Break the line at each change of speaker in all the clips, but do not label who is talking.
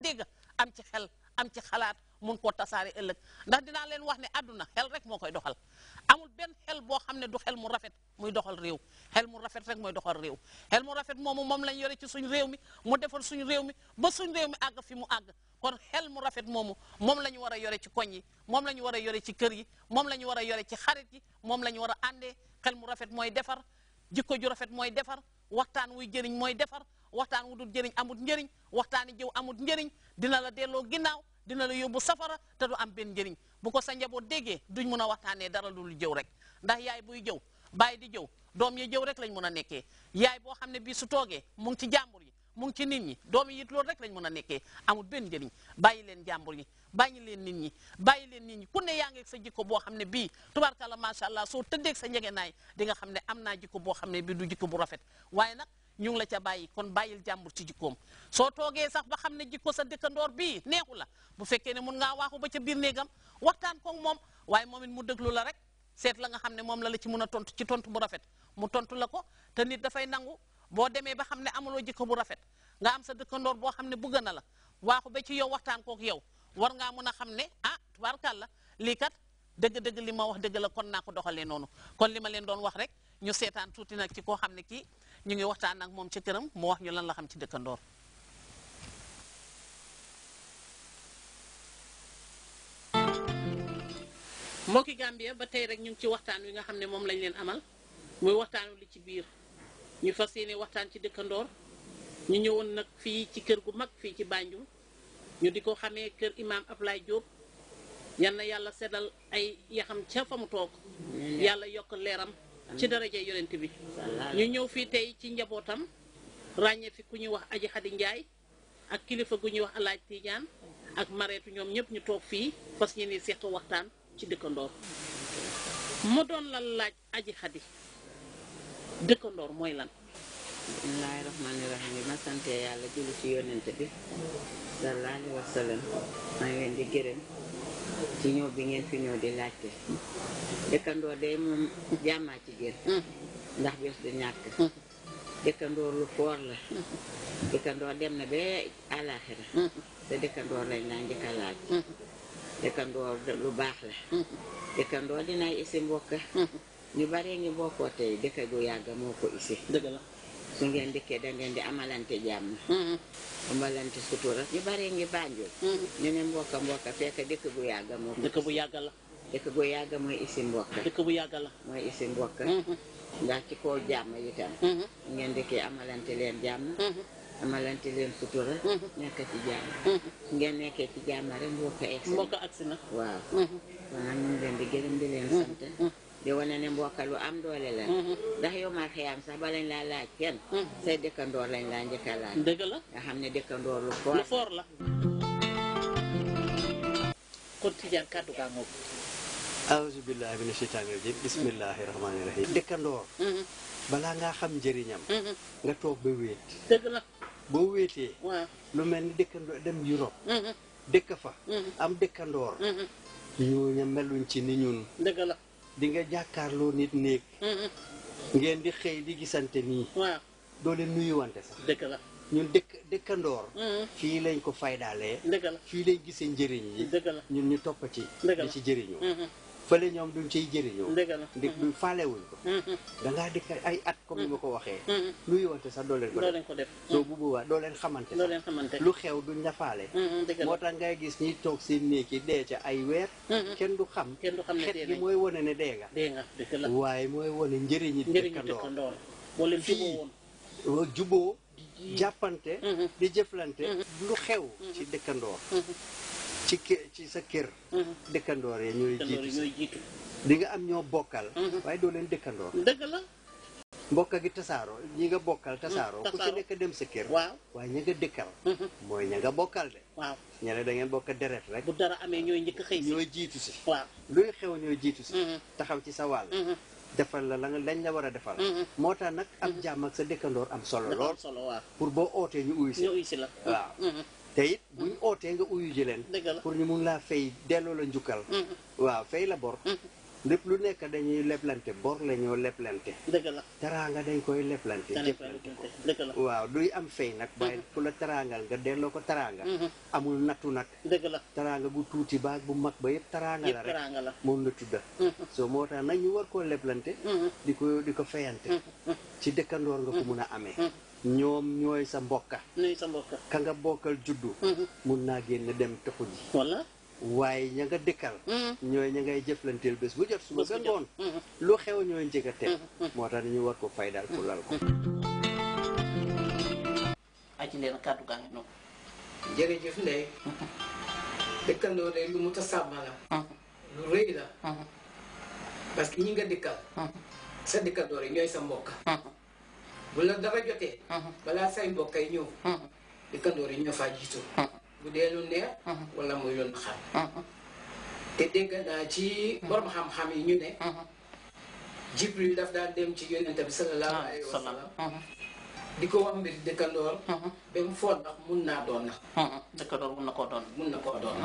dégg am ci xel am ci xalaat mun koo tasaare ëllëg ndax dinaa leen wax ne àdduna xel rek moo koy doxal amul benn xel boo xam ne du xel mu rafet muy doxal réew xel mu rafet rek mooy doxal réew xel mu rafet moomu moom lañ yore ci suñ réew mi mu defar suñ réew mi ba suñ réew mi àgg fi mu àgg kon xel mu rafet moomu moom la ñu war a yore ci koñ yi moom la ñu war a yore ci kër yi moom la ñu war a yore ci xarit yi moom la ñu war a àndee xel mu rafet mooy defar jikko ju rafet mooy defar waxtaan wuy jëriñ mooy defar waxtaan wu dul njëriñ amut njëriñ waxtaani jëw amut njëriñ dina la delloo ginnaaw dina la yóbbu safara te du am benn njëriñ bu ko sa njaboot déggee duñ mun a waxtaanee dara lu jëw rek ndax yaay buy jëw baay di jëw doom yi jëw rek lañ mun a nekkee yaay boo xam ne bii su toogee mu ngi ci jàmbur yi mu ngi ci nit ñi doom yi it loolu rek lañ mun a nekkee amut benn njëriñ bàyyi leen jàmbur yi bàyyi leen nit ñi bàyyi leen nit ñi ku ne yaa ngeeg sa jikko boo xam ne bii tubaarkalla macha allah soo tëddeeg sa njëgeenaay di nga xam ne am naa jikko boo xam ne bii du jikko bu rafet waaye ñu la ca bàyyi kon bàyyil jàmbur ci jikkoom soo toogee sax ba xam ne jikko sa dëkkandoor bii neexu la bu fekkee ne mun ngaa waaxu ba ca biir néegam waxtaan koog moom waaye moom it mu déglu la rek seet la nga xam ne moom la la ci mun a tontu ci tontu bu rafet mu tontu la ko te nit dafay nangu boo demee ba xam ne amuloo jikko bu rafet nga am sa dëkkandoor boo xam ne bëgg na la waaxu ba ci yow waxtaan koog yow war ngaa mun a xam ne ah tubaarkàlla lii kat dëgg-dëgg li ma wax dëgg la kon naa ko doxalee noonu kon li ma leen doon wax rek ñu seetaan tuuti nag ci koo xam ne kii ñu ngi waxtaan ak moom ci këram mu wax ñu lan la xam ci dëkkandoor mbokki gambia ba tey rek ñu ngi ci waxtaan wi nga xam ne mom lañ leen amal muy waxtaanu li ci biir ñu fas yéene waxtaan ci dëkkandoor ñu ñëwoon nag fii ci kër gu mag fii ci Banjul ñu di ko kër imaam na yàlla ay yaxam ca fa mu toog yàlla yokk leeram ci daraja yonent bi ñu ñëw fii tey ci njabootam ràññee fi ku ñuy wax aji xadi njaay ak kilifa gu ñuy wax laaj tiijaan ak mareetu ñoom ñëpp ñu toog fii fas yéene seq waxtaan ci dëkkandoor ma doon la laaj aji xadi dëkkandoor mooy lan
bismillaahi ma sante yàlla julli ci yonent bi sallallahu alayhi maa leen di gërëm ci ñëw bi ngeen fi ñëw di laajte dëkkandoo day moom jàmmaa ci gën ndax bés du ñàkk dëkkandoo lu foor la dëkkandoo dem na ba àllaaxira te dëkkandoo lañ laa njëkk a laaj dëkkandoo lu baax la dëkkandoo dinay isi mbokk ñu baree ngi bokkoo tey dëkk gu yàgg moo ko isi su ngeen dikkee da ngeen di amalante jàmm hmm. amalante sutura ñu bare ngi Banjul hmm. ñu ne mbokka mbokka fekk dëkk bu yàgg moo dëkk bu yàgg la dëkk bu yàgg mooy isi mbokka dëkk bu yàgg la mooy isi mbokka hmm. ndax ci kaw jàmm itam ngeen dikkee amalante leen jàmm amalante leen sutura nekk ci jàmm ngeen nekkee ci jàmm rek mbokka egsi mbokka agsi na waaw kon nag ñu ngi leen di gërëm di leen sant di wane ne mbokk lu am doole la mm-hmm. ndax yow mal xiyaam sax ba laa laaj kenn mm-hmm. say dëkkandoor lañ laa njëkk laaj nga xam ne dëkkandoor lu foor la
kon Tijaan kàddu gaa ngoog awuzu billaahi mina sheytaani rajiim bismillaahi rahmaani rahiim dëkkandoor mm-hmm. balaa ngaa xam njëriñam nga toog ba wéet boo wéetee lu mel ni dëkkandoor dem Europe dëkk fa am dëkkandoor ñooñu meluñ ci ni ñun di nga jàkkaarloo nit néeg ngeen di xëy di gisante nii doo leen nuyuwante sax dëkk la ñun dëkk dëkkandoor fii lañ ko faydaalee dëkk la fii lañ gisee njëriñ yi dëkk ñun ñu topp ci ci jëriñu fële ñoom duñ ciy jëriñoo ndik du mm-hmm. faalewuñ ko mm-hmm. dangaa dikk ay at comme ni ma ko waxee mm-hmm. lu yowante sax doo leen ko def soo bu boobaa doo leen xamante lu xew duñ la faale moo tax ngay gis ñi toog si néeg yi dee ca ay weer kenn du xam xet gi mooy wane ne dee nga waaye mooy wane njëriñi dëkkandoor fii juboo jàppante di jëflante lu xew ci dëkkandoor ci ci sa kër. Mm-hmm. dëkkandoor ya ñooy jiitu di nga am ñoo bokkal. Mm-hmm. waaye doo leen dëkkandoor. dëgg la. mbokk gi tasaaroo ñi nga bokkal tasaaroo. Mm-hmm. ku ci nekk dem sa kër. waa waaye ña nga dëkkal. mooy ña bokkal de. waaw ñu ne da ngeen bokk deret rek. bu dara amee ñooy njëkk xëy si jiitu si. waaw luy xew ñooy jiitu si. taxaw ci sa wàll. defal la la nga lañ la war a defal. moo tax nag am jàmm ak sa dëkkandoor am solo lool. pour boo ootee ñu uy si la waaw. te it ootee nga uyu ji leen pour ñu mun laa fay delloo la njukkal mm-hmm. waaw fay la bor mm-hmm. lépp lu nekk dañuy leblante bor la ñoo leblante taraanga dañ koy leblante waaw duy am fay nag waaye mm-hmm. ku la taraangal nga delloo ko taraanga amul nattu nag taraanga gu tuuti baag bu mag ba yëpp taraanga la rek moom la tudda soo moo tax nag ñu war koo leblante di ko di ko fayante ci dëkkandoor nga ko mun a amee ñoom ñooy sa mbokka ñooy sa mbokka ka nga bokkal juddu mm-hmm. mun naa génn dem tëxu ji wala waaye ña nga dëkkal mm-hmm. ñooy ña ngay jëflanteel bés bu jot suma sa ngoon mm-hmm. lu xew ñooy njëkk a teg moo tax ñu war ko faydal pour lal ko aji leen kàddu gaa ngi noonu jërëjëf ndey
dëkkandoo de lu la parce que ñi nga dëkkal sa dëkkandoo rek ñooy sa mbokka bu la dara jotee. balaa uh-huh. say mbokk ay ñëw. Uh-huh. dëkkandoor yi ñoo faa jiitu. Uh-huh. bu dee lu neex. wala muy lu naxar. te dégg ci borom xam-xam yi ñu ne. jibril daf daan dem ci yonente bi sallallahu alayhi ko wax mbir dëkkandoor. ba ndax mun naa doon na.
dëkkandoor mun na koo doon. mun na koo doon.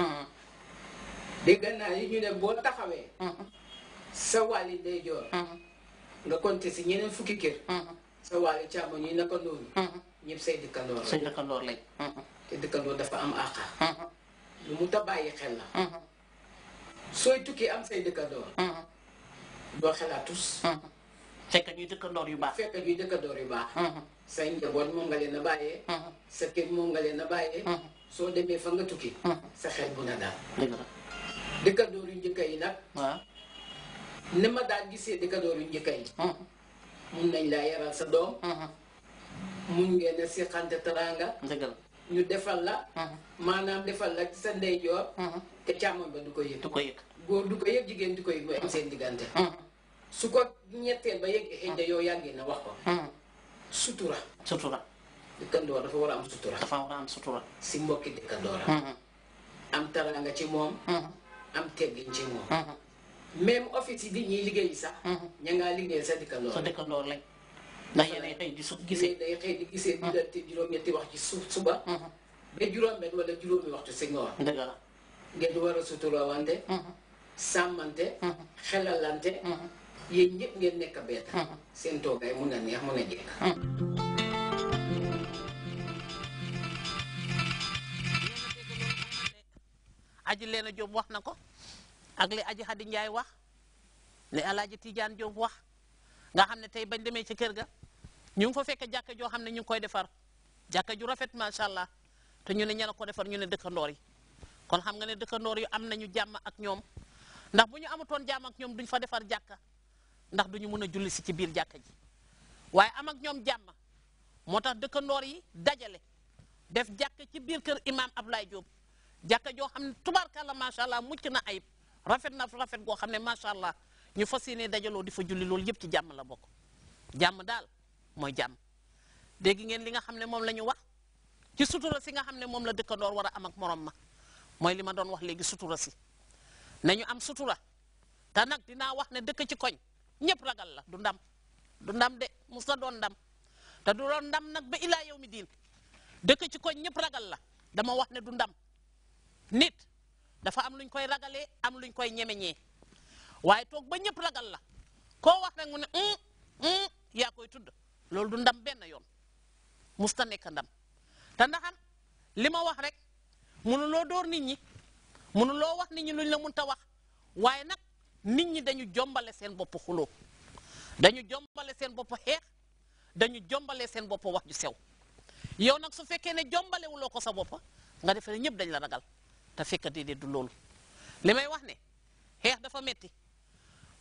yi ñu ne boo taxawee. sa wàlli day joor. nga compter si ñeneen fukki kër. sa waayu càmmo ñuy naka noonu ñëpp say dëkkandoor say dëkkandoor lañ te dëkkandoor dafa am àqa lu mu ta bàyyi xel la sooy tukki am say dëkkandoor doo xelaat tus fekk ñuy dëkkandoor yu baax fekk ñuy dëkkandoor yu baax say njaboot moom nga leen a bàyyee sa kër moom nga leen a bàyyee soo demee fa nga tukki sa xel bu na daal dëkkandoor yu njëkk yi nag ne ma daan gisee dëkkandoor yu njëkk yi mun nañ laa yaral sa doom mm-hmm. mun ngeen a siqante teraanga dëgg ñu defal la mm-hmm. maanaam defal la ci sa ndeyjoor mm-hmm. te càmmoñ ba du ko yëg du ko yëg góor du ko yëg jigéen du ko yëg mooy am seen diggante su ko ñetteel ba yëg xëy na yàggee na wax ko sutura sutura dëkkandoor dafa war a am sutura dafa war a am sutura si mbokki dëkkandooram am teraanga ci moom am teggin ci moom même office yi di ñuy liggéey sax. Mm-hmm. ña ngaa liggéey sa dëkkandoor sa lañ. ndax yéenay xëy di su gisee yéenay xëy di gisee. Mm-hmm. diggante juróom-ñetti wax ci suuf suba. Mm-hmm. ba juróom-benn wala juróomi waxtu si nga wax. dëgg la ngeen di war a suturaawante. sàmmante. xelalante. yéen ñëpp ngeen nekka beet. seen toogaay mun na neex mun na
aj aji a Jóob wax na ko ak li aji wax li alaaji Tijaan Jóob wax nga xam ne tey bañ demee ci kër ga ñu ngi fa fekk jàkka joo xam ne ñu koy defar jàkka ju rafet macha allah te ñu ne ña la defar ñu ne dëkkandoor kon xam nga ne dëkkandoor yu am nañu jàmm ak ñoom ndax bu ñu amutoon jàmm ak ñoom duñ fa defar jàkka ndax duñu mën a julli si ci biir jàkka ji waaye am ak ñoom jàmm moo tax dëkkandoor yi dajale def jàkka ci biir kër imaam Ablaye Diop jàkka joo xam ne tubaarkalla macha allah mucc na ayib rafet na rafet goo xam ne macha allah ñu fas yéene dajaloo di fa julli loolu yëpp ci jàmm la bokk jàmm daal mooy jàmm dégg ngeen li nga xam ne moom la ñu wax ci sutura si nga xam ne moom la dëkkandoor war a amak ak morom ma mooy li ma doon wax léegi sutura si nañu am sutura te nag dinaa wax ne dëkk ci koñ ñëpp ragal la du ndam du ndam de mus na doon ndam te du doon ndam nag ba ilaa yow mi diin dëkk ci koñ ñëpp ragal la dama wax ne du ndam nit dafa am luñ koy ragalee am luñ koy ñemeñee waaye toog ba ñëpp ragal la koo wax nag mu ne un mm, mm, yaa koy tudd loolu du ndam benn yoon musta nekk ndam te ndaxam li ma wax rek mënuloo door nit ñi mënuloo wax nit ñi luñ la mënta wax waaye nag nit ñi dañu jombale seen bopp xuloo dañu jombale seen bopp xeex dañu jombale seen bopp wax ju sew yow nag su fekkee ne jombalewuloo ko sa bopp nga defee ne ñëpp dañ la ragal te fekk déedéet du loolu li may wax ne xeex dafa metti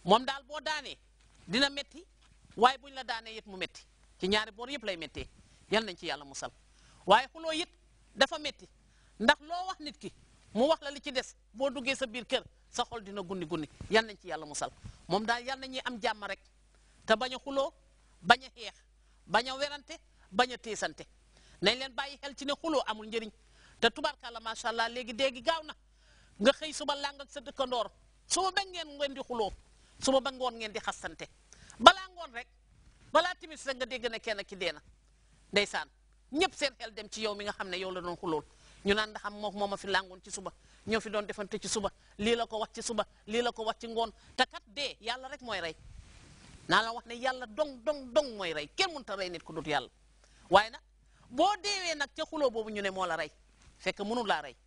moom daal boo daanee dina metti waaye buñ la daanee yit mu metti ci ñaari boor yëpp lay méttee yal nañ ci yàlla musal waaye xuloo yit dafa metti ndax loo wax nit ki mu wax la li ci des boo duggee sa biir kër sa xol dina gunni gunni yal nañ ci yàlla musal moom daal yal nañuy am jàmm rek te bañ a xuloo bañ a xeex bañ a werante bañ a téesante nañ leen bàyyi xel ci ne xuloo amul njëriñ te tubaarkàlla macha allah léegi déegi gaaw na nga xëy suba làng ak sa dëkkandoor suba ba ngeen ngeen di xuloo suba ba ngoon ngeen di xasante balaa ngoon rek balaa timis rek nga dégg ne kenn ki dee na saan ñëpp seen xel dem ci yow mi nga xam ne yow la doon xulool ñu naan ndax am moo mooma fi làngoon ci suba ñoo fi doon defante ci suba lii la ko wax ci suba lii la ko wax ci ngoon te kat dee yàlla rek mooy rey naa la wax ne yàlla dong dong dong mooy rey kenn mënut a rey nit ku dut yàlla waaye nag boo deewee nag ca xuloo boobu ñu ne moo la rey fekk mënul laa rey